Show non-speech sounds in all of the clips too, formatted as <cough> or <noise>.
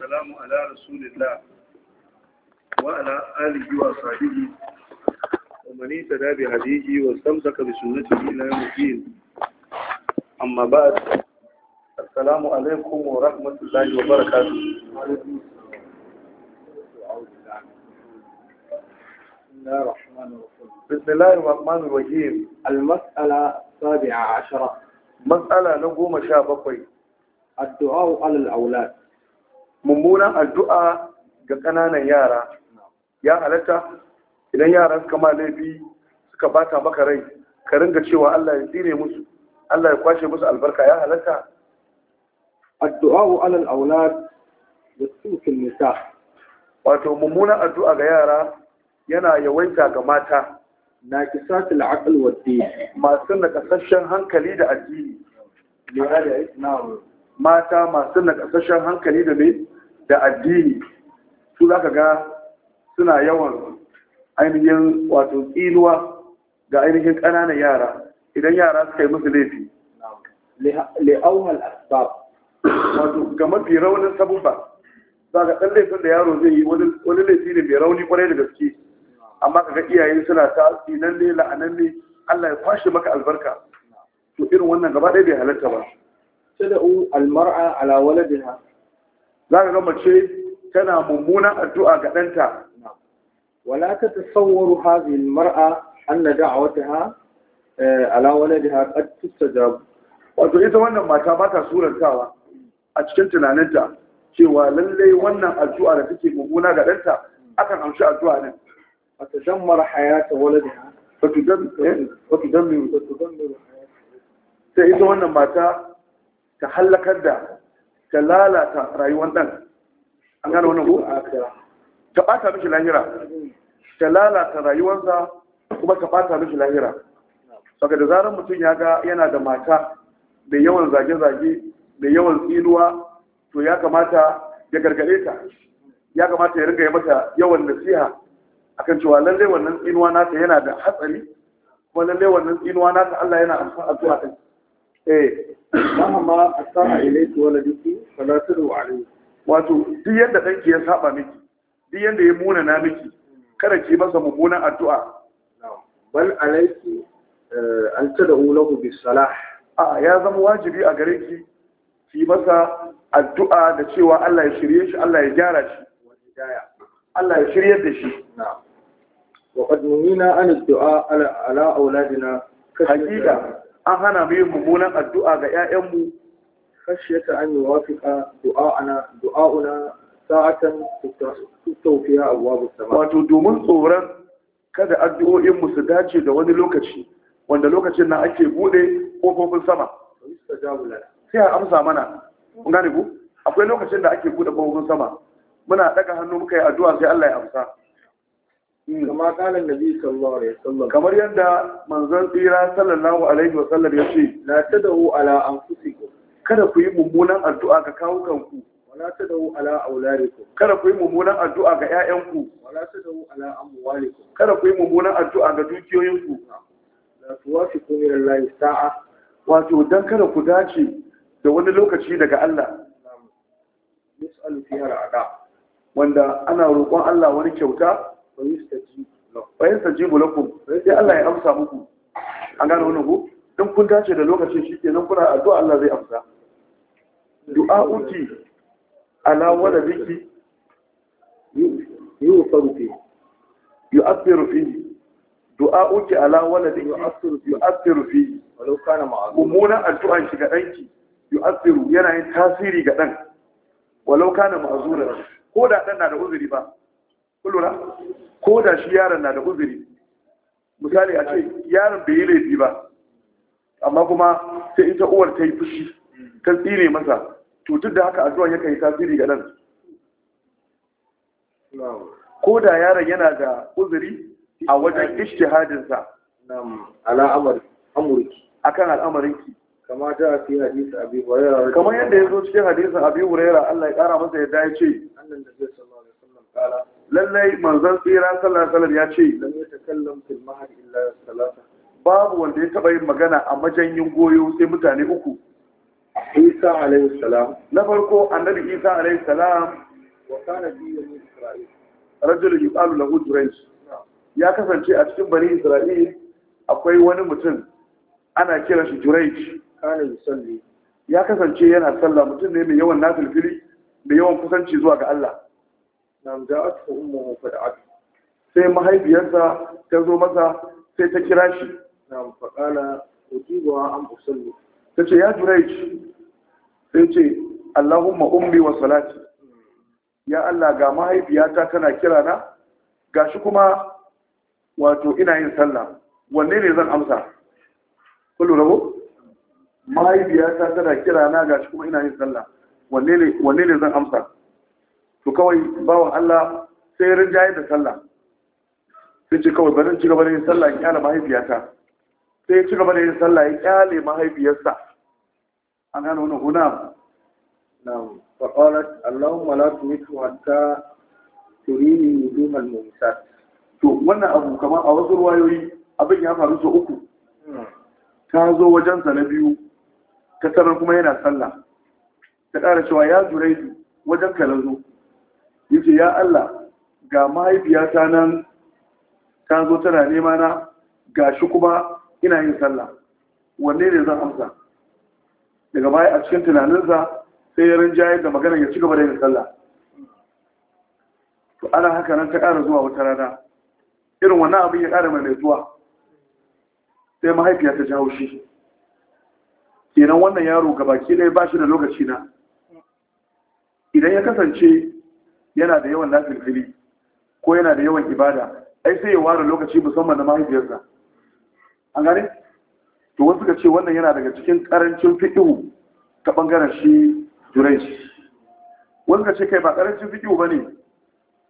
والسلام على رسول الله وعلى آله وصحبه ومن اهتدى بهديه واستمسك بسنته إلى يوم الدين أما بعد السلام عليكم ورحمة الله وبركاته بسم الله الرحمن الرحيم المسألة السابعة عشرة مسألة نقوم شابقي الدعاء على الأولاد mummunan addu'a ga ƙananan yara ya halatta idan yara suka ma laifi suka bata maka rai ka ringa cewa Allah ya tsire musu Allah ya kwashe musu albarka ya halatta addu'a alal aulad da sukin nisa wato mummunan addu'a ga yara yana yawaita ga mata na kisa al'aql wa din masu nakasashen hankali da addini mata masu nakasashen hankali da ne da addini su za ka ga suna yawan ainihin wato tsinuwa ga ainihin ƙananan yara idan yara suka yi musu laifi asbab wato ga mafi raunin sabubba za ka ɗan laifin da yaro zai yi wani laifi ne mai rauni kwarai da gaske amma ka ga iyaye suna ta tsinan ne la'anan ne Allah ya kwashe maka albarka to irin wannan gaba ɗaya bai halatta ba tada'u almar'a ala waladiha za ka gama ce tana mummuna addu'a ga ɗanta wala ta tasawwaru hadhihi mar'a anna da'wataha eh, ala waladiha qad tustajab wato ita wannan mata ba ta surantawa a cikin tunaninta cewa lallai wannan addu'a da take mummuna ga ɗanta akan amshi addu'a ne wata dammar hayata waladiha wata eh, dammar sai ita wannan mata ta hallakar da ka lalata rayuwar ɗan an gano wannan ko ka ɓata mishi lahira ta lalata rayuwarsa kuma ka ɓata mishi lahira saka da zarar mutum ya ga yana da mata da yawan zage-zage da yawan tsinuwa to ya kamata ya gargare ta ya kamata ya ringa ya mata yawan nasiha akan cewa lalle wannan tsinuwa nata yana da hatsari kuma lalle wannan tsinuwa nata Allah yana amfani a zuwa ɗin eh mahama asama ilayki waladiki fala tadu alayhi wato duk yadda danki ya saba miki duk yadda ya muna na miki kada ki masa mummunan addu'a bal alayki eh, an tad'u lahu bis salah a ya zama wajibi a gare ki ki masa addu'a da cewa Allah ya shirye shi Allah ya gyara shi Allah ya shirye da shi wa qad numina an addu'a ala auladina hakika an hana mu yin mummunan addu'a ga 'ya'yanmu khashiyata an yuwafiqa du'a du'a'una sa'atan tawfiya abuwa as-sama wato domin tsoron kada addu'o'in mu su dace da wani lokaci wanda lokacin na ake bude kofofin sama sai a amsa mana kun gane ku akwai lokacin da ake bude kofofin sama muna ɗaga hannu muka yi addu'a sai Allah ya amsa Hmm. kama kalan nabi sallallahu alaihi wasallam kamar yadda manzon tsira sallallahu alaihi wasallam ya ce la tad'u ala anfusikum kada ku yi mummunan addu'a ga kawo kanku wala tad'u ala auladikum kada ku yi mummunan addu'a ga ƴaƴanku wala tad'u ala amwalikum kada ku yi mummunan addu'a ga dukiyoyinku la tuwafiqu min allahi sa'a wato dan kada ku dace da wani lokaci daga Allah yus'alu fiha al'ada wanda ana roƙon Allah wani kyauta fa jibu lakum sai Allah ya amsa muku an gane wannan ku. dan kun dace da lokacin shi kenan kuna addu'a Allah zai amsa du'a uti ala wala biki yu'athiru yu yu'athiru fi du'a uti ala wala biki yu'athiru fi walau kana ma'a umuna addu'a shi ga danki asiru. yana yin tasiri ga dan walau kana ma'zura ko da dan na da uzuri ba kullura ko da shi yaron na da uzuri misali a ce yaron bai yi laifi ba amma kuma sai ita uwar ta yi fushi ta tsine masa to duk da haka addu'a yakan yi tasiri ga nan ko da yaron yana da uzuri a wajen ijtihadinsa ala amurki akan al'amarinki kama hadisi abi kamar yadda yazo cikin hadisin abi hurairah Allah ya kara masa yadda ya ce sallallahu alaihi wasallam kala lallai manzan tsira sallallahu ya ce babu wanda ya taba yin magana a majanyin goyo sai mutane uku Isa alaihi salam na farko annabi Isa alaihi salam wa kana bi bani Isra'il rajul yuqalu lahu Durayj ya kasance a cikin bani Isra'il akwai wani mutum ana kiran shi Durayj kana yusalli ya kasance yana sallah mutum ne mai yawan nafilfili mai yawan kusanci zuwa ga Allah nam ja'at ummuhu fad'at sai mahaifiyarsa ta zo masa sai ta kira shi na faqala ujibuha an usalli tace ya jurayj sai ce Allahumma ummi wa salati ya Allah ga mahaifiyata tana kira na gashi kuma wato ina yin sallah wanne ne zan amsa kullu rabu mahaifiyata tana kira na gashi kuma ina yin sallah wanne ne wanne ne zan amsa to kawai bawan Allah sai rinjaye da sallah sai ce kawai barin ci gaba da yin sallah in kyale mahaifiyata sai cigaba ci gaba da yin sallah in kyale mahaifiyarsa an gano wani huna na'am fa qalat allahumma la tumitu hatta turini duman mumisat to wannan abu kamar a wasu ruwayoyi abin ya faru sau uku hmm. ta zo wajensa na biyu ta tarar kuma yana sallah ta ƙara cewa ya juraidu wajen kalazo yake ya Allah ga mahaifiyata nan ta zo tana nema na ga shi kuma ina yin sallah wanne ne zan amsa daga baya a cikin tunaninsa sai ya jayar da magana ya ci gaba da yin sallah to ana haka nan ta ƙara zuwa wata rana irin wannan abin ya ƙara mai zuwa sai mahaifiya ta jawo shi kenan wannan yaro gabaki ɗaya ba shi da lokaci na idan ya kasance yana da yawan fili, ko yana da yawan ibada ai sai ya ware lokaci musamman na mahaifiyarsa an gane to wasu ka ce wannan yana daga cikin karancin fiɗihu ta ɓangaren shi jurai wasu ka ce kai ba karancin fiɗihu ba ne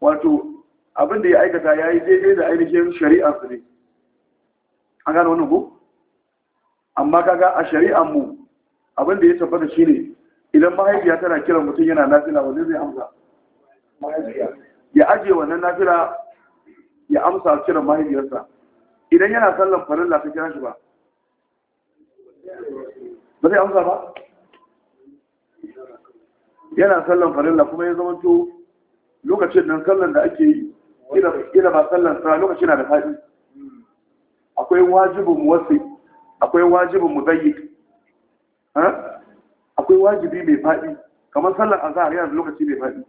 wato abin da ya aikata ya yi daidai da ainihin shari'ar su ne an gane wannan ko amma kaga a shari'ar mu abin da ya tabbata shi ne idan mahaifiya tana kiran mutum yana nafila wanda zai amsa ya aje wannan nafira ya amsa cire mahaifiyarsa idan yana sallan farilla ka kira shi ba ba zai amsa ba yana sallan farilla kuma ya zama to lokacin nan sallan da ake yi ila ba sallan sa lokaci na da faɗi akwai wajibin wasi akwai wajibin mudayyi akwai wajibi mai faɗi kamar sallan azhar yana da lokaci mai faɗi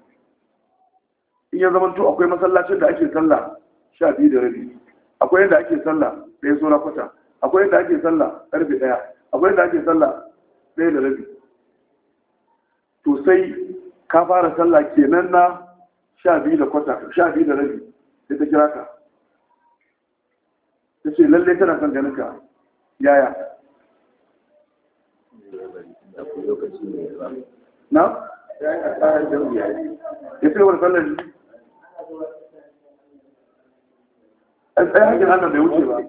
in ya zama to akwai masallacin da ake sallah sha biyu da rabi akwai yadda ake sallah ɗaya sura kwata akwai yadda ake sallah ƙarfe ɗaya akwai yadda ake sallah ɗaya da rabi to sai ka fara sallah kenan na sha biyu da kwata sha biyu da rabi sai ta kira ka ta ce lallai tana son ganin ka yaya na? ya fi yawar sallar tsaye hakin allah bai wuce ba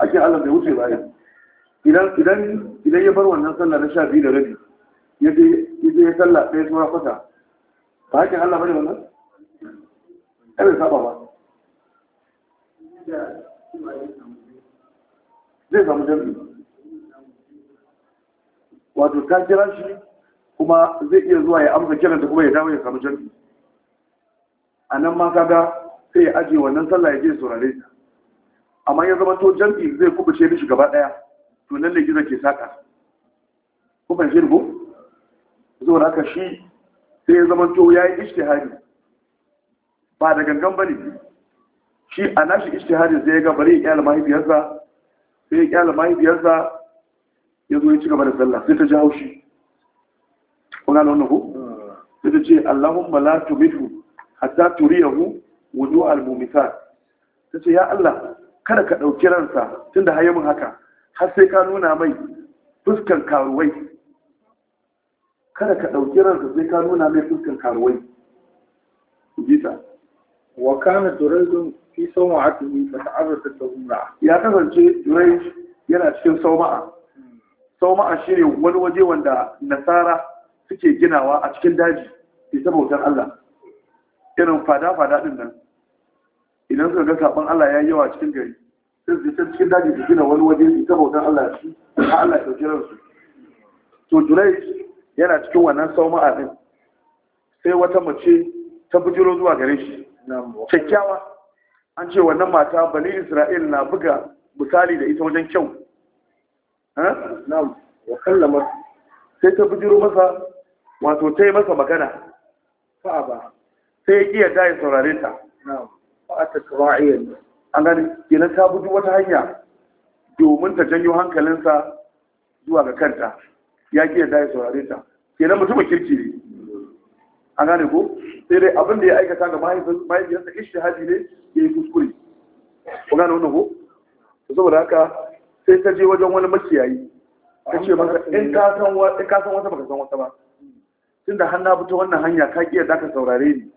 hakin allah bai wuce ba idan ya bar wannan sallah na sha biyu da rabi ya je ya sallah ɗaya tura kwata ba hakin allah bane wannan ɗaya bai saba ba zai samu jami'i wato ta kira shi kuma zai iya zuwa ya amsa kiran da kuma ya dawo ya samu jami'i a nan ma kaga sai ya ajiye wannan sallah ya je saurare ta amma ya zama to jam'i zai kubuce mishi gaba daya to nan ne gizo ke saka ku fahimci ko zuwa haka shi sai ya zama to ya yi hari. ba da gangan bane shi a nashi ishtihari sai ya ga bari ya kyala mahaifiyarsa sai ya kyala mahaifiyarsa ya zo ya ci gaba da sallah sai ta ji haushi kuna da wannan ko hmm. sai ta ce Allahumma la tumithu hatta turiyahu wudu al-mumisat tace ya Allah kada ka dauki ransa tunda haye mun haka har sai ka nuna mai fuskan karuwai kada ka dauki ransa sai ka nuna mai fuskan karuwai jita wa kana duraydun fi sawma'atihi fa ta'arradat umra ya kasance durayd yana cikin sawma'a sawma'a shine wani waje wanda nasara suke ginawa a cikin daji bisa bautar Allah irin fada-fada ɗin nan idan suka ga saɓon Allah ya yi yawa cikin gari sai su can cikin daji su gina wani waje su ta bautan Allah su ta Allah ya ɗauki ransu to Jurai yana cikin wannan sauma'a ɗin sai wata mace ta bujiro zuwa gare shi kyakkyawa an ce wannan mata bani Isra'il na buga misali da ita wajen kyau sai ta bujiro masa wato ta yi masa magana ba sai ya kiyar da ya saurare ta a ta an gani kenan ta budu wata hanya domin ta janyo hankalinsa zuwa ga kanta ya kiyar da ya saurare ta kenan mutumin kirki ne an gane ko sai dai abin da ya aikata ga mahaifiyarsa ishtihadi ne ya yi kuskure ku gane wannan ko saboda haka sai ta je wajen wani makiyayi ta ce masa in ka san wata baka san wata ba tun da hannu fito wannan hanya ka ƙiyar da ka saurare ni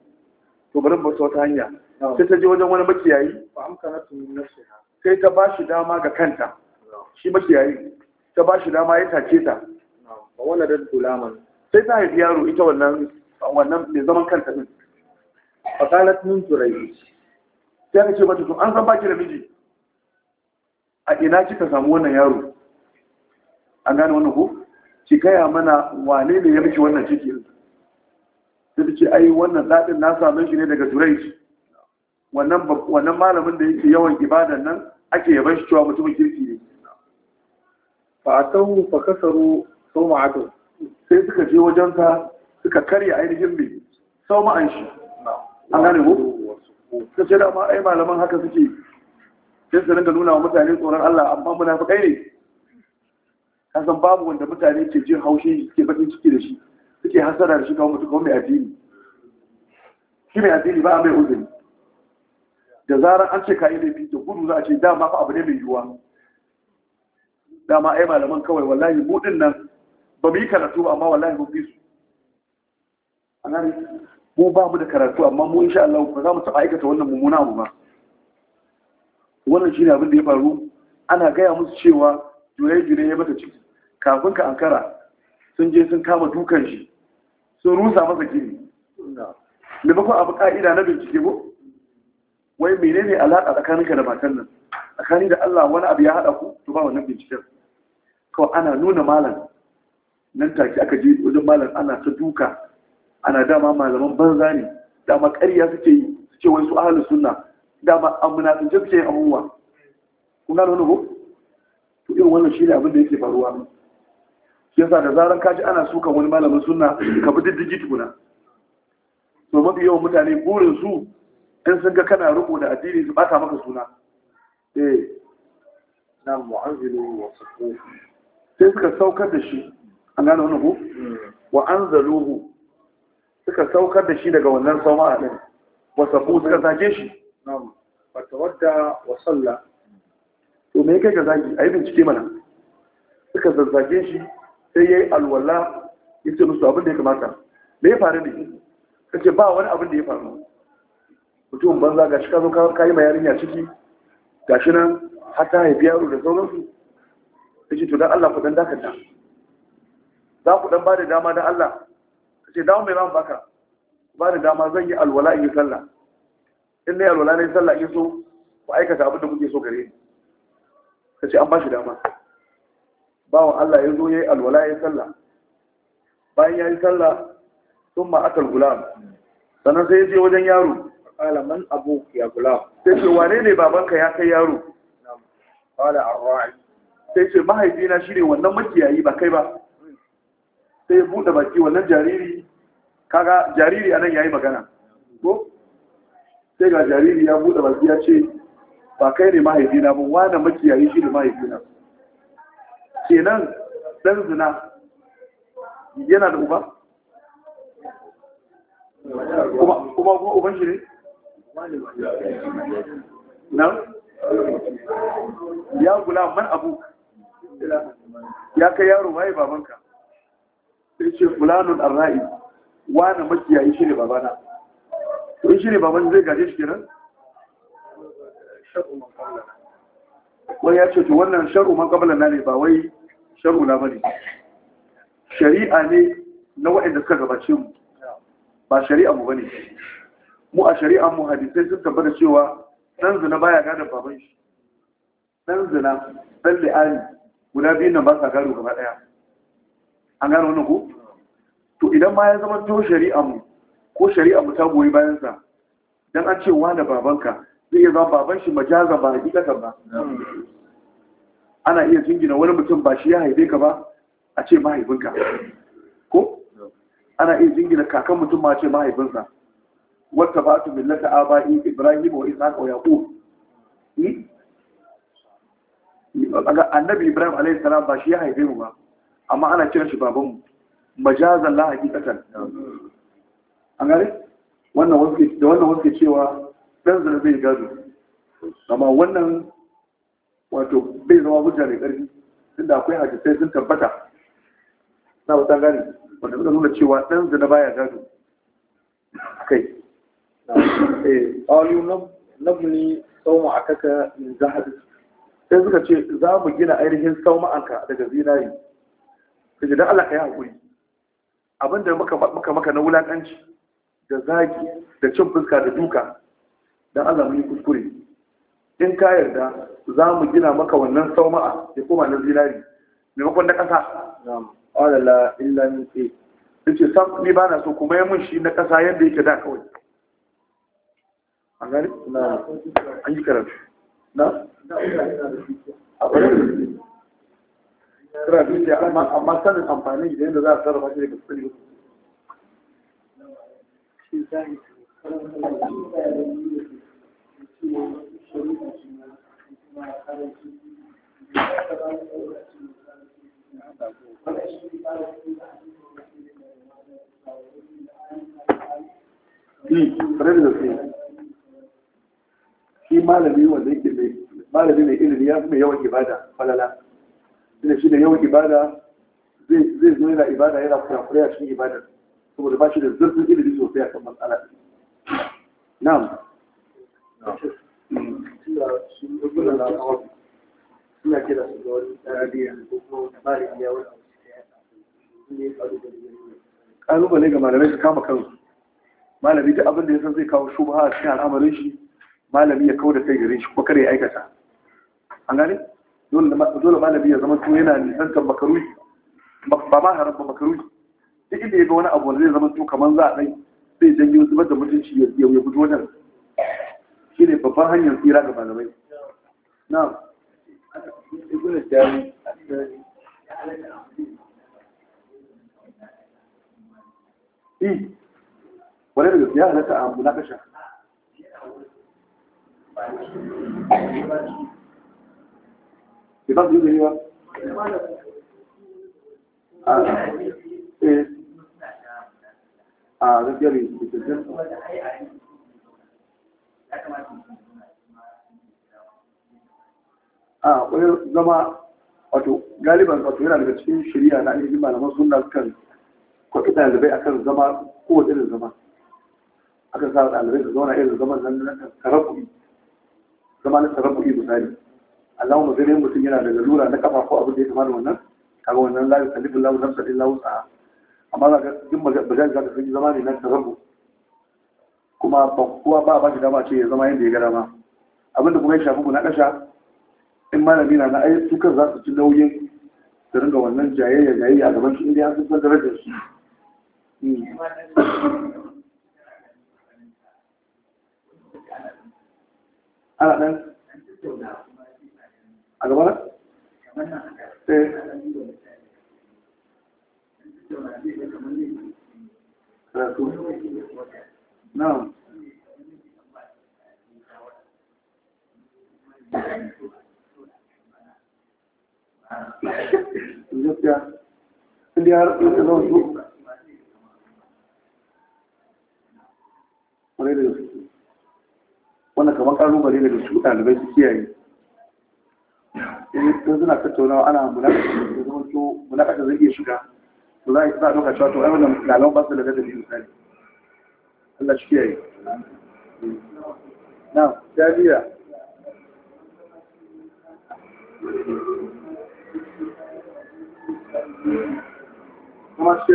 to bari ba wata hanya sai ta je wajen wani makiyayi sai ta ba shi dama ga kanta shi makiyayi ta ba shi dama ya take ta sai ta haifi yaro ita wannan wannan mai zaman kanta din faqalat min turai sai ta ce mata to an san baki da miji a ina kika samu wannan yaro an gane wannan ko ki kaya mana wane ne ya miki wannan ciki sai ce ai wannan daɗin na samun shi ne daga turai wannan malamin da yake yawan ibadan nan ake yaban shi cewa mutumin kirki ne fa atahu fa kasaru ma'adu sai suka je wajen ka suka karya ainihin mai ma'an shi an gane ku ta ce da ma ai malaman haka suke sai su rinka nuna wa mutane tsoron Allah amma kai ne kasan babu wanda mutane ke jin haushi ke bakin ciki da shi suke hasara da shi kawo mutu kawo mai addini shi mai addini ba a mai uzuri da zarar an ce ka yi laifi da gudu za a ce dama fa abu ne mai yiwuwa dama ai malaman kawai wallahi mu din nan ba mu yi karatu ba amma wallahi mun fi su an gane mu ba mu da karatu amma mu insha Allah ba za mu taɓa aikata wannan mummuna abu ba wannan shine abin da ya faru ana gaya musu cewa jure-jure ya mata ciki kafin ka ankara sun je sun kama dukan shi so rusa masa gini bakwai abu ka'ida na bincike ko wai menene alaƙa tsakaninka da matan nan tsakani da Allah wani abu ya haɗa ku to ba wannan binciken kawai ana nuna malam nan take aka je wajen malam ana ta duka ana dama malaman banza ne dama ƙarya suke yi suke wai su ahalin sunna dama an munafince suke yin abubuwa kun gano wani ko to irin wannan shi ne abin da yake faruwa ne. yasa da zaran kaji ana sukan wani malamin suna ka bi diddigi tukuna to mafi yawan mutane burin su in sun ga kana riko da addini su bata maka suna eh na mu'azzilu wa sukufu sai suka saukar da shi an gane wannan ko hmm. wa anzaluhu suka saukar da shi daga wannan a din wa sabu suka sake shi na'am fa tawadda wa salla to me kai ka zagi yi bincike mana suka zazzage shi sai ya yi alwala ya ce musu abin da ya kamata me ya faru ne ka ce ba wani abin da ya faru mutum banza ga shi ka ka yi ma yarinya ciki ga shi nan har ta haifi yaro da sauransu ya ce to don Allah ku dan dakata za ku dan ba da dama da Allah ka ce damu mai ran baka ba da dama zan yi alwala in yi sallah in na yi alwala na yi sallah in so ku aikata abin da kuke so gare ni ka ce an ba shi dama bawan Allah ya zo ya yi alwala ya sallah bayan ya yi sallah sun ma'akal gulam sannan sai ya ce wajen yaro alaman abu ya gulam sai ce wane ne babanka ya kai yaro arra'i sai ce mahaifina shi ne wannan makiyayi ba kai ba sai ya buɗe baki wannan jariri kaga jariri anan yi magana ko sai ga jariri ya buɗe baki ya ce ba kai ne mahaifina ba wane makiyayi shi ne mahaifina kenan dan zina yana da uba kuma kuma uban shi ne nan ya gula man abu ya kai yaro waye babanka sai ce fulanun arra'i wani makiyayi shi ne babana to in shi ne baban zai gaje shi kenan wani ya ce to wannan sharu man na ne ba wai sharu ba ne. shari'a ne na waɗanda suka gabace mu ba shari'a mu ne. mu a shari'a mu hadisai sun tabbata cewa ɗan zina baya gada baban shi ɗan zina ɗan li'ani guda biyun nan ba sa gado gaba ɗaya. an gano wani ko to idan ma ya zama to shari'a mu ko shari'a mu ta goyi bayan sa dan an ce wani babanka zai iya zama baban shi majaza ba hakikatan ba ana iya jingina wani mutum ba shi ya haife ka ba a ce mahaifinka ko ana iya jingina kakan mutum ma ce mahaifinsa wata ba su millata ba'i ibrahim wa isaaqa wa yaqub hmm? annabi ibrahim alayhi salam ba shi ya haife mu ba amma ana kira shi babanmu majazan la hakikatan an gare wannan wasu da wannan wasu cewa dan zina zai gado amma wannan wato bai zama hujja mai ƙarfi tunda akwai hadisai sun tabbata na wata gani wanda suka nuna cewa ɗan zina baya gado kai eh, ƙwayo nabni sauma a kaka min zahabi sai suka ce za mu gina ainihin sauma'anka daga zinari kaji don Allah ya haƙuri abinda muka maka na wulaƙanci da zagi da cin fuska da duka don Allah mu in ka yarda za mu gina maka wannan sauma'a ya koma na zinari maimakon na ƙasa alala illa min tse ce sam ni ba na so kuma ya mun shi na ƙasa yadda yake da kawai yi karatu a da yadda za a sarrafa Thank you. shi malami wanda yake mai malami mai ilimi ya fi mai yawan ibada falala ina shi da yawan ibada zai zo yana ibada yana kurakurai a cikin ibadar saboda ba shi da zurfin ilimi sosai a kan matsala na'am suna ga ne ga malamai su kama kansu malami da abin da ya san zai kawo shubha a cikin al'amarin shi malami ya kawo da kai gare shi kwakar ya aikata an gani, dole malami ya zama to yana nisantar makaruri ba ma haram makaruri duk inda ya ga wani abu wanda zai zama to kamar za a ɗai zai janyo zubar da mutunci ya guji wajen shi ne babban hanyar tsira ga malamai na yi wani da gaskiya halatta a munakasha ke ba su yi gani ba eh. a gaskiya bai a wani zama wato galiban wato yana daga cikin shari'a na ainihin malaman suna kan kwaɗi ɗalibai kan zama kowace irin zama aka sa ɗalibai su zauna irin zaman nan na tarabu'i zama na tarabu'i misali Allahumma sai yin mutum yana daga lura na kafa ko abin da ya kamata wannan kaga wannan la yukallifu Allahu nafsan illa wus'aha amma zaka jin bazan zaka sai zama ne na tarabu'i kuma kowa ba ba shi dama ce ya zama yadda ya ga dama abinda kuma ya shafi ku na kasha in malami na na ayyukan tukar za su ci nauyin Da ringa wannan jayayya jayayya a gaban shi inda ya sun san darajar su hmm. ana ɗan a gaba na? eh na'am gaskiya inda da kamar kalubale ne da su ɗalibai su kiyaye eh, in ana munakashin da su zai iya shiga za a ɗauka cewa to ai wannan ba su da ladabi misali Allah shi yi. na jami'a kuma shi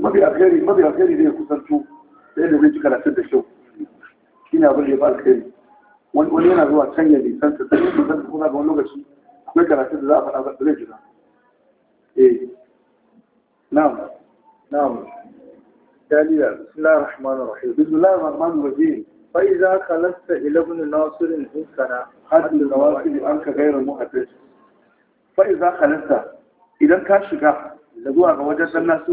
mafi alheri mafi alheri ne ya kusanto sai da zai ci karatun da kyau shi ne abin da ya fi alheri wani yana zuwa can ya nisan ta sai kusan kuma ga wani lokaci akwai karatun da za a faɗa ba da eh. na'am na'am dalila bismillahir rahmanir rahim bismillahir rahmanir rahim fa idza khalasta ila ibn nasir in kana hadd nawasil an ka ghayra idan ka shiga zuwa ga wajen dan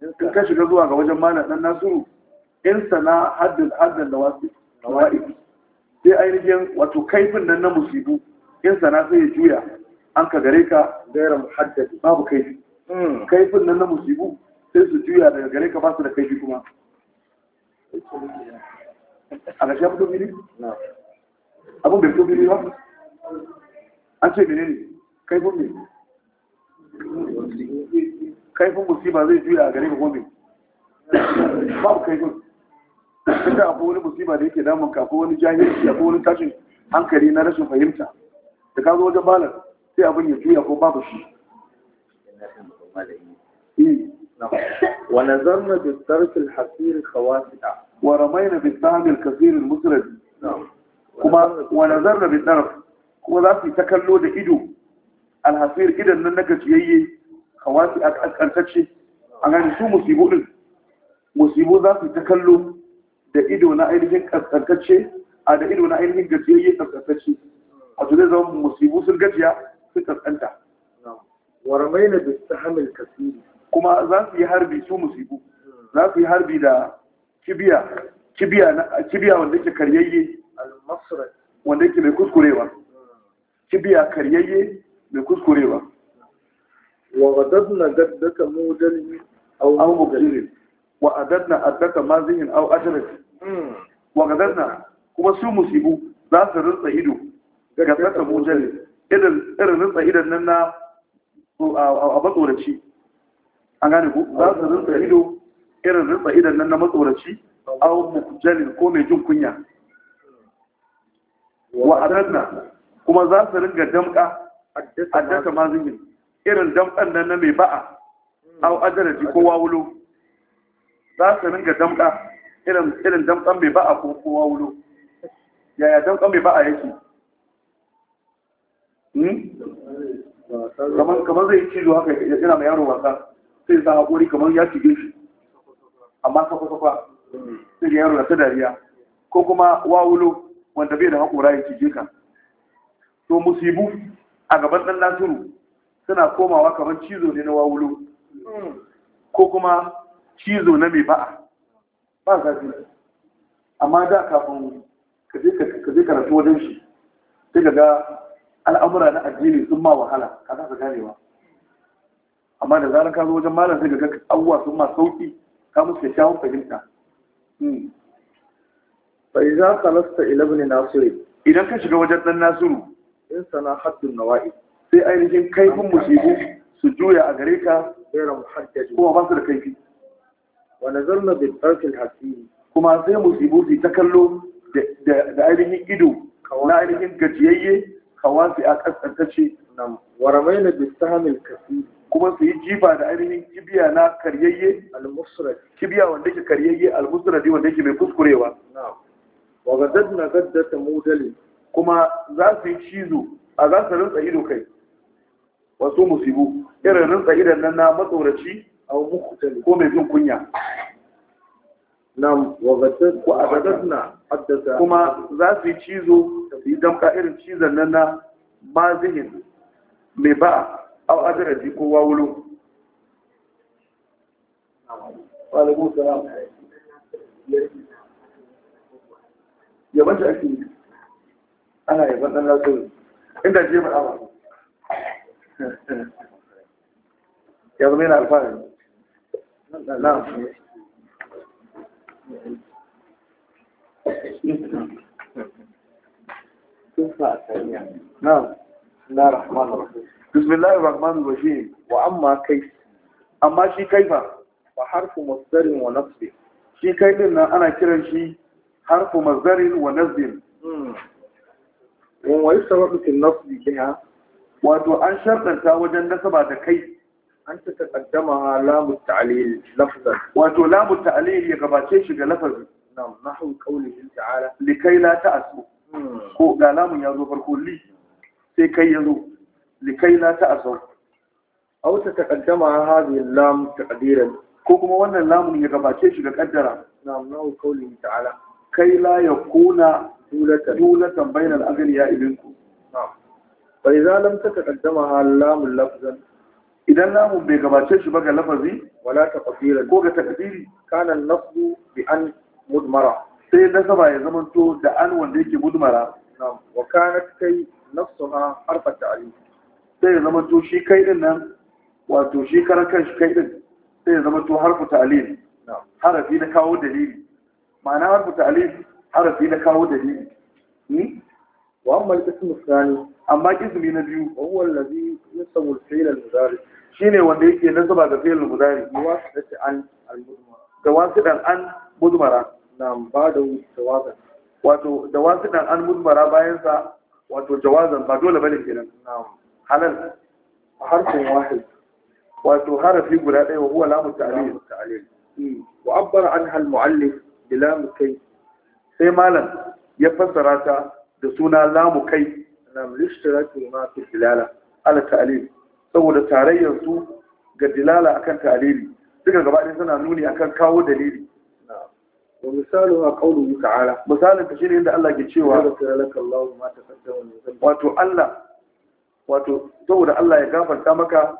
in ka shiga zuwa ga wajen malam dan Nasiru, in sana hadd hadd da nawaib sai ainihin wato kaifin nan na musibu in sana sai ya juya an ka gare ka gaira muhaddadi babu kaifi hmm. kaifin nan na musibu sai su juya daga gare ka ba su da kaifi kuma a ga shafi domini abin bai domini ba an ce menene kaifin ne kaifin musiba zai juya a gare ka gome babu kaifin da abu wani musiba da yake damun ka ko wani jahilci ko wani tashin hankali na rashin fahimta da ka zo wajen malam sai abin ya juya ko babu shi ونظرنا بالطرف الحصير الخواسع ورمينا بالسهم الكثير المسرد كما ونظرنا بالطرف كما ذا في تكلو ده ايدو الحصير ايدن نن نكتيي خواسع اكرتشي an gani su musibu din musibu za su ta kallo da ido na ainihin kaskantacce a da ido na ainihin gajiyayye abu zai zama musibu sun gajiya sun kaskanta waramai na da ta hamil kasiri kuma za su yi harbi su musibu za su yi harbi da kibiya kibiya wanda ke karyayye wanda ke mai kuskurewa kibiya karyayye mai kuskurewa wa gadadna gaddaka mudalli aw aw mubdirin wa adadna addaka mazihin aw ajrin hmm. wa gadadna kuma su musibu za su rinsa ido ga kasa mujal irin rinsa idan nan na a matsoraci an gane ku za su rinsa ido irin rinsa idan nan na matsoraci a mujalin ko mai jin kunya wa adanna kuma za su ringa damka addata mazinin irin damkan nan na mai ba'a au adaraji ko wawulo za su ringa damka irin damkan mai ba'a ko wawulo yaya damkan mai ba'a yake Hmm? kamar zai cizo haka ya yana mai yaro wasa sai sa haƙori kamar ya cige shi amma sakwa-sakwa sai yaro da ta dariya ko kuma wawulo wanda bai da haƙora ya cije ka to musibu a gaban ɗan nasiru suna komawa kamar cizo ne na wawulo ko kuma cizo na mai ba'a ba zafi amma da kafin ka je karatu wajen shi sai ga al'amura na addini sun ma wahala ka su ganewa amma da zarar ka zo wajen malam sai ga abubuwa sun ma sauki ka musu kyakkyawan fahimta hmm. fa za ka lasta ilabini Nasiru. idan ka shiga wajen dan nasiru in sana haddun nawa'i sai ainihin kaifin musibu su juya a gare ka gaira muhaddaji kuma ba su da kaifi wani zarna bi tarkil hasini kuma sai musibu su ta kallo da ainihin ido na ainihin gajiyayye kawasi a ce nan waramai na bisahamil kasi kuma su yi jifa da ainihin kibiya na karyayye al-musrad kibiya wanda ke karyayye al-musrad wanda ke mai kuskurewa wa gaddad na ta mudali kuma za su yi cizo a za su rinsa ido kai wasu musibu irin rinsa idan nan na matsoraci a mukutali ko mai jin kunya nam wa gatattu abadatna haddasa kuma za su yi cizo su yi damka irin cizon nan na mazihin mai ba a adaraji ko wawulo yaban da ake ana yaban ɗan lafiya inda je mai awa yanzu mai na alfahari na نعم بسم الله الرحمن الرحيم وأما كيف أما شي كيف فحرف مصدر ونصب شي كيف أنا كرا شي حرف مصدر ونصب ويستوعب في النصب بها wato an sharɗanta wajen nasaba da an ta taqaddama lamu ta'lil lafzan wato lamu ta'lil ya gabace shi ga lafazin na'am nahu qawlihi ta'ala likai la ta'asu ko ga lamun ya zo farko li sai kai ya zo likai la ta'asu aw ta taqaddama hadhihi lam taqdiran ko kuma wannan lamun ya gabace shi ga kaddara na nahu qawlihi ta'ala kai la yakuna dulatan bainal aghniya ibinku na'am fa idza lam tataqaddama lamun lafzan idan namun bai gabace shi ba ga lafazi wala taqdira ko ga takdiri kana nasbu bi an mudmara sai nasaba ya zamanto da an wanda yake mudmara wa kanat kai nafsuha harfa ta'rif sai ya zamanto shi kai din nan wato shi karan shi kai din sai ya zamanto harfu ta'lil harafi na kawo dalili ma'ana harfu ta'lil harafi na kawo dalili hmm? wa amma al-ismu thani amma ismi na biyu huwa allazi yasawu al-fi'l al-mudari shine wanda yake nasaba ga fi'il mudari da wasu dan an mudmara na ba da jawazan wato da wasu dan an mudmara bayan sa wato jawazan ba dole bane kenan halal harfin wahid wato harafi guda ɗaya wa huwa lamu ta'lil hmm. wa abbara an hal muallif bi lamu kai sai malam ya fassara ta da suna lamu kai lam lishtiraki ma fi dilala ala ta'lil saboda tarayyar su ga dilala akan talili duka gaba ɗaya suna nuni akan kawo dalili wa misalu a yi ta'ala misalin ta shine inda Allah ke cewa wato Allah wato saboda Allah ya gafarta maka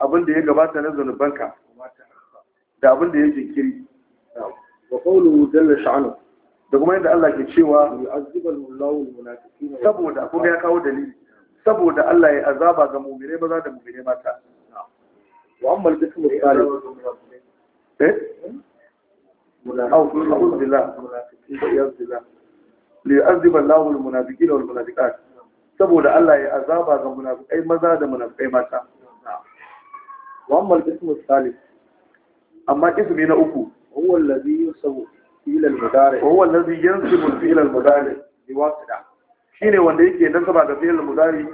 abinda ya gabata na zunubanka da abinda ya jinkiri wa qawluhu jalla sha'anu da kuma yadda Allah ke cewa saboda kuma ya kawo dalili saboda Allah ya azaba ga mu'mine maza da mu'mine mata wa ammal bismu salih eh أو أعوذ بالله وإياذ بالله ليعذب الله المنافقين والمنافقات saboda Allah ya azaba ga munafikai maza da munafikai mata wa amma al-ismu salis amma ismi na uku huwa allazi yusabu ila al-mudari huwa allazi yansibu ila al-mudari bi Shi ne wanda yake nasaba ga fi'il mudari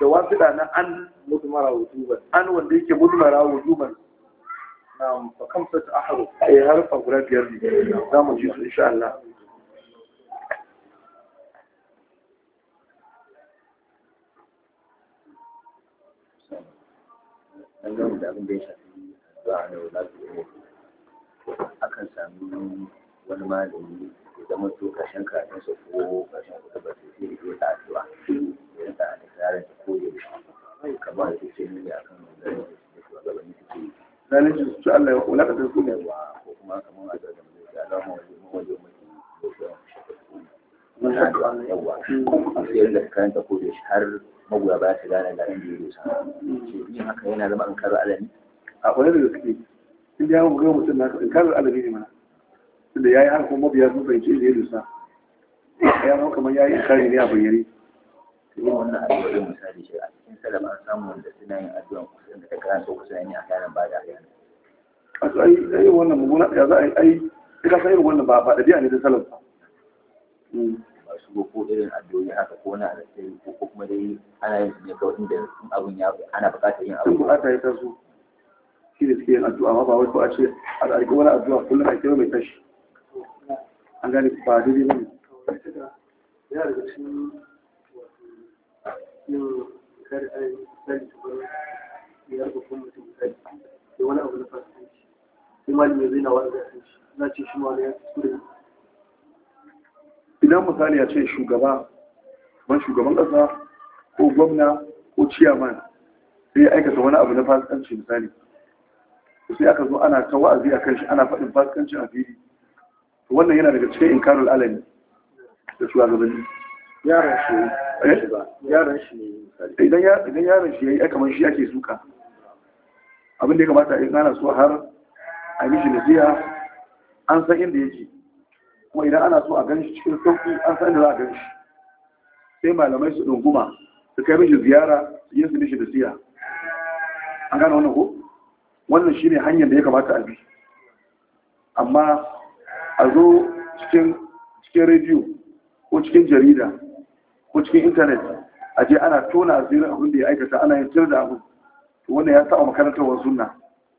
da wasu na an mudmara wujuban an wanda yake mudmara wujuban na'am fa kamsa ta a yi eh, harfa guda biyar ne za mu ji su insha Allah da za a da akan sami wani malami zama to kashin kafin su ko kashin kuɗi ba su sai ke tafiwa irin da da tsarin da ko da kamar su ce ne a kan wanda da shugabanni suke yi. Zalunci su ci Allah ya kula da su ne. Ko kuma kamar a da zamani da alama wajen mawajen mutum. Yawwa, a sayar da karanta ko da har magoya ba su gane da inda ya dosa. Ce yin haka yana zama in karar alami. A kwanar da gaske, in ya hau ga mutum na in karar alami da ya yi haka kuma mabiya sun fahimci ne da sa ya hau kamar ya yi kare ne a bayyane yin wannan addu'o'in misali shi a cikin salaf an samu wanda suna yin addu'an kusan da ta karan so kusan yin akaran ba da akaran a su ai ai wannan mummuna ya za a yi ai duka sai irin wannan ba ba da ne da salaf ba hmm. ba su ko irin addu'o'i haka ko na da sai ko kuma dai ana yin ne kawai inda abin ya ana buƙatar yin abu buƙata ya taso shi da suke yin addu'a ma ba wai ko a ce a riƙe wani addu'a kullum a kira mai tashi an gani ba daidai ne idan misali ce shugaba kamar shugaban ƙasa ko gwamna ko ciyaman sai ya aikata wani abu na fasikanci misali sai aka zo ana ta wa'azi a kan shi ana faɗin fasikancin a fili wannan yana daga cikin inkarul alami da su yaran shi yaran eh? shi idan yi yaran shi kamar shi ake suka abin da ya kamata yi ana so har a yi shi nasiha an san inda yake kuma idan ana so a gan shi cikin sauki an san inda za a gan shi sai malamai su ɗunguma su kai mishi ziyara su yi su mishi siya an gane wannan ko wannan shi ne hanyar da ya kamata a bi amma a zo cikin rediyo ko cikin jarida ko cikin intanet a je ana tona asirin abin da ya aikata ana yin cire da abin to wannan ya taɓa makarantar wa sunna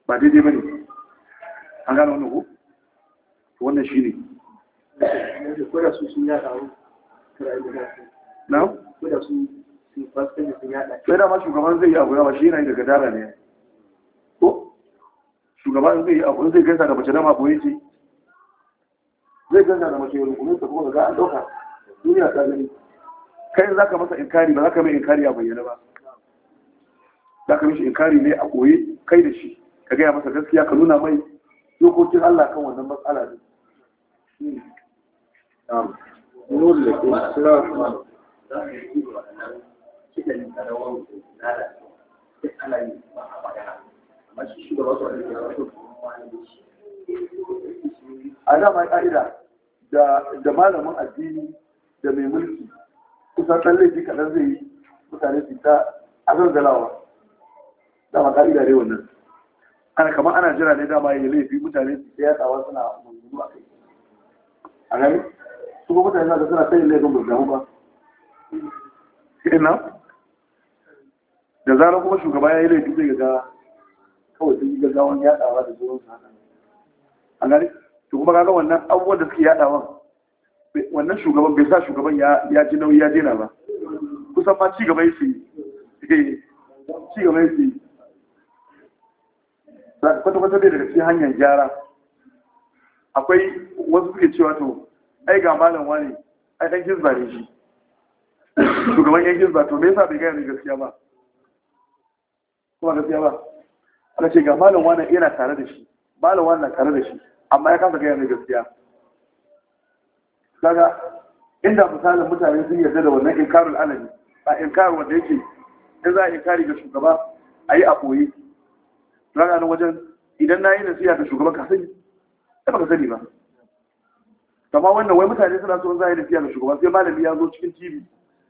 ba daidai ba ne an gane wani ko to wannan shi ne na? sai dama shugaban zai yi abu ba shi yana yi daga dara ne ko shugaban zai yi abu zai gaisa da mace dama boye ce zai ganga da mace yau kuma kuma ga an dauka duniya ta gani kai za ka masa inkari ba za ka mai inkari a bayyana ba za ka mishi inkari ne a koyi kai da shi ka gaya masa gaskiya ka nuna mai dokokin Allah kan wannan matsala ne ana yi ba a magana amma shi shugaban da wasu rasu kuma wani da shi a dama ƙa'ida da malamin addini da mai mulki kusan ɗan laifi kaɗan zai yi mutane su ta a zanzalawa dama ƙa'ida dai wannan ana kamar ana jira ne dama yi laifi mutane su ta yatsawa suna mangunu a kai a gani su ba mutane da suna sayin laifin burgamu ba ina da zarar kuma shugaba ya yi laifi zai ga kawai sun yi gaggawan yaɗawa da zuwan sa a gani to kuma kaga wannan abubuwan da suke yadawa wannan shugaban bai sa shugaban ya ji nauyi ya dena ba kusan ma ci gaba yake <laughs> ci gaba yake kwata-kwata bai daga cikin hanyar gyara akwai wasu suke cewa to ai ga malam wani ai ɗan gizba ne shi <laughs> shugaban yan gizba to me yasa bai gaya ne gaskiya ba kuma gaskiya ba aka ce ga malam wani yana tare da shi malam wannan kare da shi amma ya kasa gaya mai gaskiya daga inda misalin mutane sun yarda da wannan inkarul alami ba inkarul wanda yake in za a inkari ga shugaba a yi a koyi ranar wajen idan na yi nasiya ga shugaba ka sani ta baka sani ba kama wannan wai mutane suna so za a yi nasiya ga shugaba sai malami ya zo cikin tv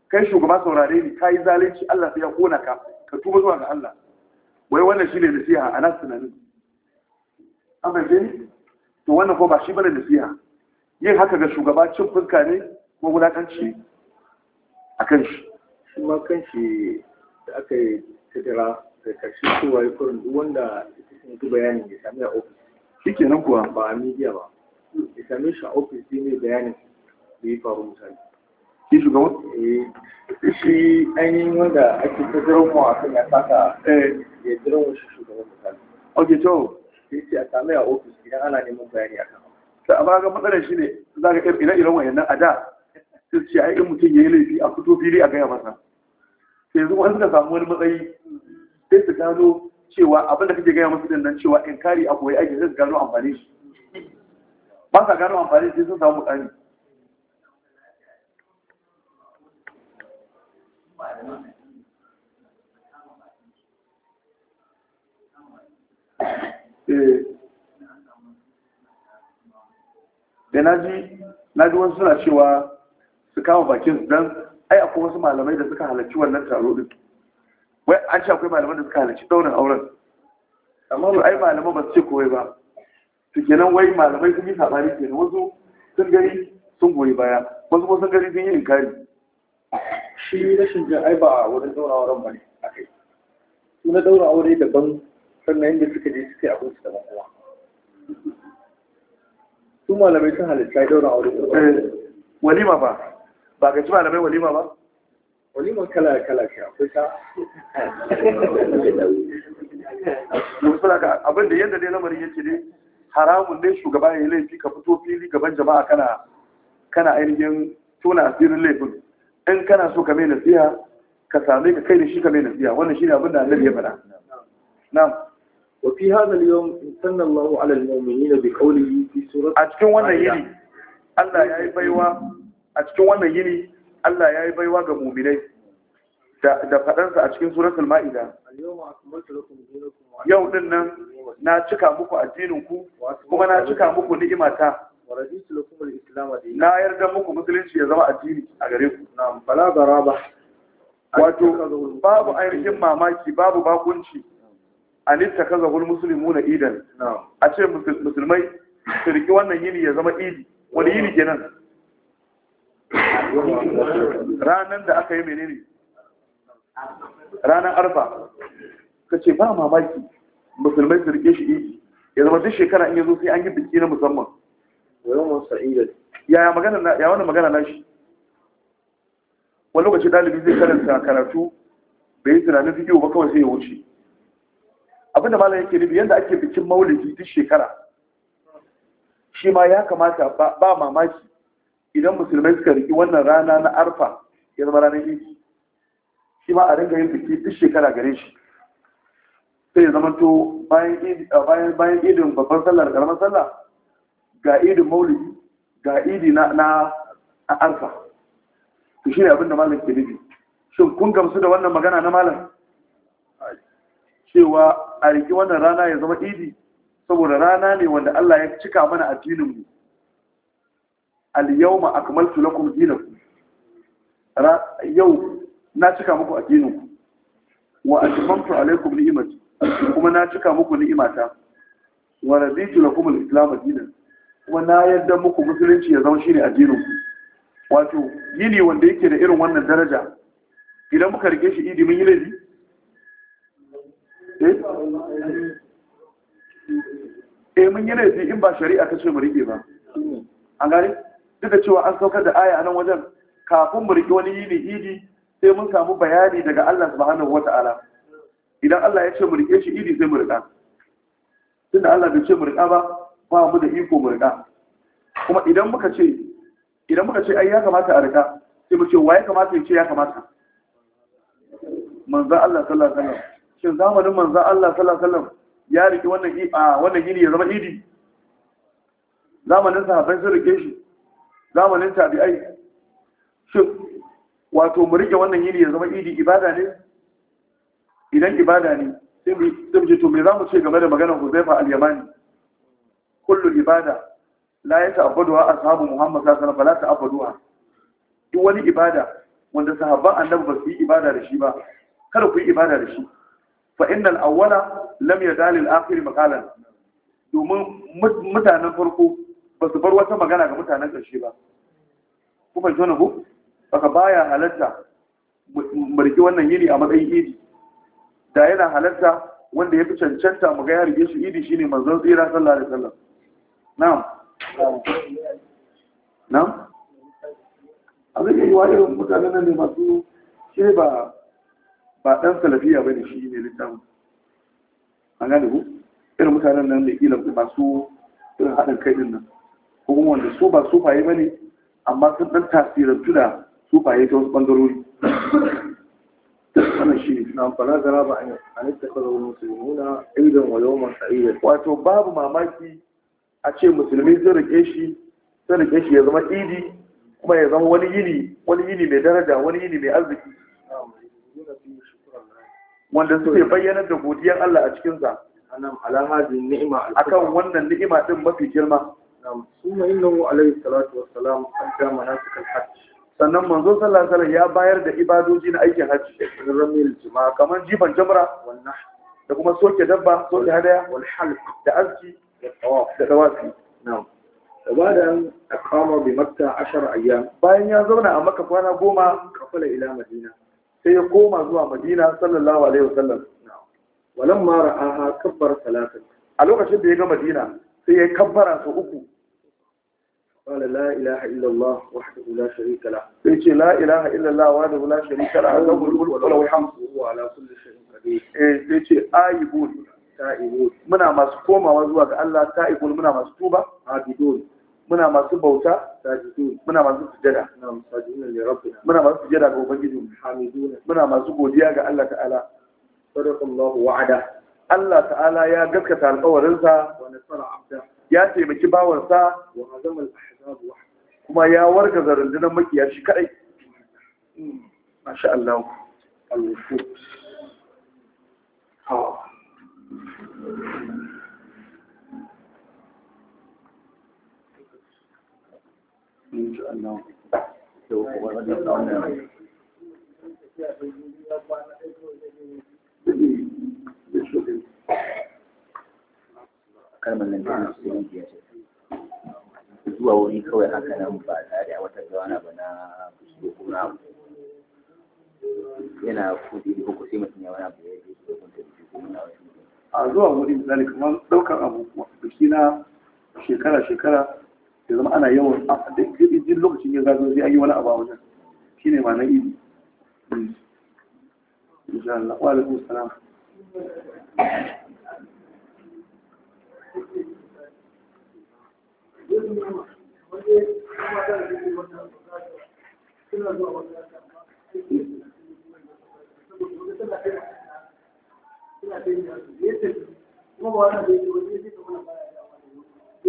kai shugaba saurare ni ka yi zalunci allah sai ya kona ka ka tuba zuwa ga allah wai wannan shine nasiha a nasu tunanin an fahimce to wannan ko ba shi bane nasiha yin haka ga shugaba cin fuska ne ko wulakanci a kan shi shi ma kan shi da aka yi tattara da karshe cewa yi kurin duk wanda sun ji bayanin ya sami a ofis shi nan kuwa ba a midiya ba ya sami shi a ofis shi ne bayanin da ya faru misali shi shugaban eh, shi ainihin wanda ake tattara mu a kan ya saka eh. ya jira wasu shugaban misali ok to sai ce a sami a ofis idan ana neman bayani a kan to amma ga matsalar shi ne za ka irin wayannan a da sai ce ai in mutum ya yi laifi a fito fili a gaya masa sai yanzu wani suka samu wani matsayi sai su gano cewa abin da kake gaya musu din nan cewa in kari a koyi aiki sai su gano amfani shi ba sa gano amfani sai sun samu tsari Eh. da na ji wasu suna cewa su kama bakin su, don ai akwai wasu malamai da suka halarci wannan taro din wai an ce akwai malamai da suka halarci daunin auren amma su ai malamai ba su ce kowai ba su kenan wai malamai sun yi sabani kenan wasu sun gari sun goyi baya wasu kuma sun gari sun yi inkari shi rashin jin ai ba wurin daura auren ba ne akai na daura aure daban sannan inda suka je suke abinci da makuwa su malamai sun halitta daura aure eh, walima ba ba ga ci malamai walima ba walima kala kala ce akwai ta musulun ka abin da yadda dai lamarin yake dai haramun ne shugaba ya yi laifi ka fito fili gaban jama'a kana kana ainihin tona asirin laifin in kana so ka mai nasiha ka same ka kai da shi ka mai nasiha wannan shi ne abin da annabi ya faɗa na'am وفي هذا اليوم امتن الله على المؤمنين بقوله في سورة أتكون وانا يلي ألا يا بيوا أتكون وانا يلي ألا يا بيوا كمؤمنين da faɗansa a cikin suratul ma'ida yau din nan na cika muku addininku kuma na cika muku ni'imata na yarda muku musulunci ya zama addini a gare ku na ba wato babu ainihin mamaki babu bakunci an wani hul muslimuna idan a ce musulmai su riki wannan yini ya zama idi wani yini nan? ranan da aka yi menene ranan arfa ka ce ba mamaki musulmai su rike shi idi ya zama duk shekara in yazo sai an yi biki na musamman yaya magana ya wani magana na shi wani lokaci ɗalibi zai karanta karatu bai yi tunanin fikiyo ba kawai sai ya wuce abinda malam yake nufi yadda ake bikin maulidi duk shekara shi ma ya kamata ba mamaki idan musulmai suka riki wannan rana na arfa ya zama ranar yi shi ma a ringa yin biki duk shekara gare shi sai ya zama to bayan idin babban sallah da karamar sallah ga idin maulidi ga idi na arfa to shi ne abinda malam ke nufi shin kun gamsu da wannan magana na malam cewa a riki wannan rana ya zama idi saboda rana ne wanda Allah ya cika mana addininmu al-yawma akmaltu lakum dinakum yau na cika muku addininku wa atmamtu alaykum ni'mati kuma na cika muku ni'imata wa raditu lakum al-islam dinan kuma na yadda muku musulunci ya zama shine addininku wato yini wanda yake da irin wannan daraja idan muka rike shi idi mun yi laifi Eh? eh mun yi laifi in ba shari'a ta ce mu rike ba an gane duk da cewa an saukar da aya a nan wajen kafin mu rike wani yini idi sai mun samu bayani daga Allah subhanahu wata'ala idan Allah ya ce mu rike shi idi sai mu rika tunda Allah bai ce mu rika ba ba mu da iko mu rika kuma idan muka ce idan muka ce ai ya kamata a rika sai mu ce wa ya kamata ya ce ya kamata manzo Allah sallallahu alaihi wasallam shin zamanin manzan Allah salasalam ya riki wannan gini ya zama idi zamanin sahabai sun rike shi zamanin tabi'ai shin wato mu rike wannan gini ya zama idi ibada ne idan ibada ne sai mu ce to me mu ce game da maganar Huzaifa al-Yamani kullu ibada la yata'abbaduha ashabu Muhammad sallallahu alaihi wasallam la ta'abbaduha duk wani ibada wanda sahabban annabi ba su yi ibada da shi ba kada ku yi ibada da shi fa innal awwala lam yadal al akhir maqalan domin mutanen farko ba su bar wata magana ga mutanen ƙarshe ba kuma fahimci wannan ko baka baya halatta mu wannan yini a matsayin idi da yana halatta wanda ya fi cancanta mu ga ya rike shi idi shine manzon tsira sallallahu alaihi wasallam na'am na'am abin da yi wa mutanen nan ne masu shi ba ba ɗan salafiya ba ne shi ne littafin an gane ku irin mutanen nan da ba su irin haɗin kai ɗin nan ko kuma wanda su ba sufaye ba ne amma sun ɗan tasirantu da sufaye ta wasu ɓangarori wannan shi ne na amfana zara ba a nita kazan musulmuna idan wa yau masu ayyar wato babu mamaki a ce musulmi zai rike shi zai rike shi ya zama idi kuma ya zama wani yini wani yini mai daraja wani yini mai arziki wanda suke bayyanar da godiyar Allah a cikinsa anan alhazin akan wannan ni'ima din mafi girma nam summa innahu alayhi salatu wassalam qadda manasik alhajj sannan manzo sallallahu alaihi wasallam ya bayar da ibadoji na aikin hajji kamar ramil jima kamar jifan jamra wannan da kuma soke dabba soke hadaya wal halq da azki da tawaf da tawafi nam tabadan aqama bi makka 10 ayyam bayan ya zauna a makka kwana goma kafala ila madina sai ya koma zuwa madina sallallahu alaihi wasallam walan ma ra'aha kabbar salatin a lokacin da ya ga madina sai ya kabbara su uku qala la ilaha illallah wahdahu la sharika la sai ce la ilaha illallah wahdahu la sharika la lahu al-mulku wa lahu al-hamdu wa ala kulli shay'in qadir eh sai ce ayyibun ta'ibun muna masu komawa zuwa ga Allah ta'ibun muna masu tuba abidun muna masu bauta muna masu sujada muna masu sujada ga ubangiji muna masu godiya ga Allah ta'ala sadaqallahu wa'ada Allah ta'ala ya gaskata alƙawarinsa ya taimaki bawansa kuma ya warga zarundunan makiya shi kadai hmm. masha Allah waɗannan kalmar nan kawai haka nan ba tare a wata gawana ba na bisu ko na yana kudi ko sai mutum ko a zuwa wuri misali kamar ɗaukar abu biki na shekara-shekara ya zama ana yawan duk duk lokacin ya zazo sai an yi wani abu a wajen shine ma na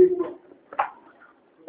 Thank you.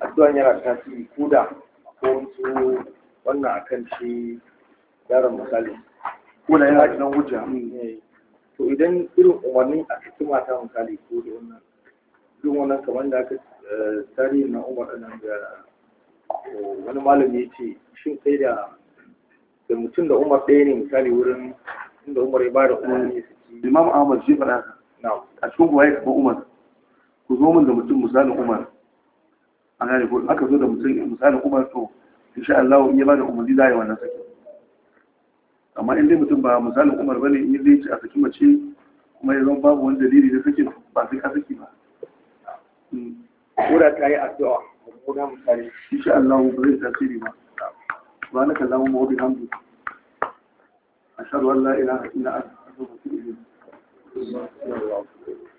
addu'an yana tasiri ko da ko su wannan akan shi yaron misali ko da yana cikin hujja eh, to idan irin umarni a cikin mata misali ko da wannan irin wannan kamar da aka eh, tsari na umar nan da eh, wani malami ya ce shin kai da da mutum da umar ɗaya ne misali wurin inda umar ya bada umarni su ci imam ahmad shi na a cikin kuwa ya karɓi umar ku zo min da mutum misalin umar an gane ko aka zo da mutum misalin umar to insha Allah in ya bada umarni za a yi wannan sakin amma in dai mutum ba misalin umar ba ne, in zai ci a sakin mace kuma ya zama babu wani dalili na sakin ba sai ka saki ba ko da ta yi addu'a ko da misali insha Allah ba zai tasiri ba Ba subhanaka allahumma wa bihamdika ashhadu an la ilaha illa anta astaghfiruka wa atubu ilayk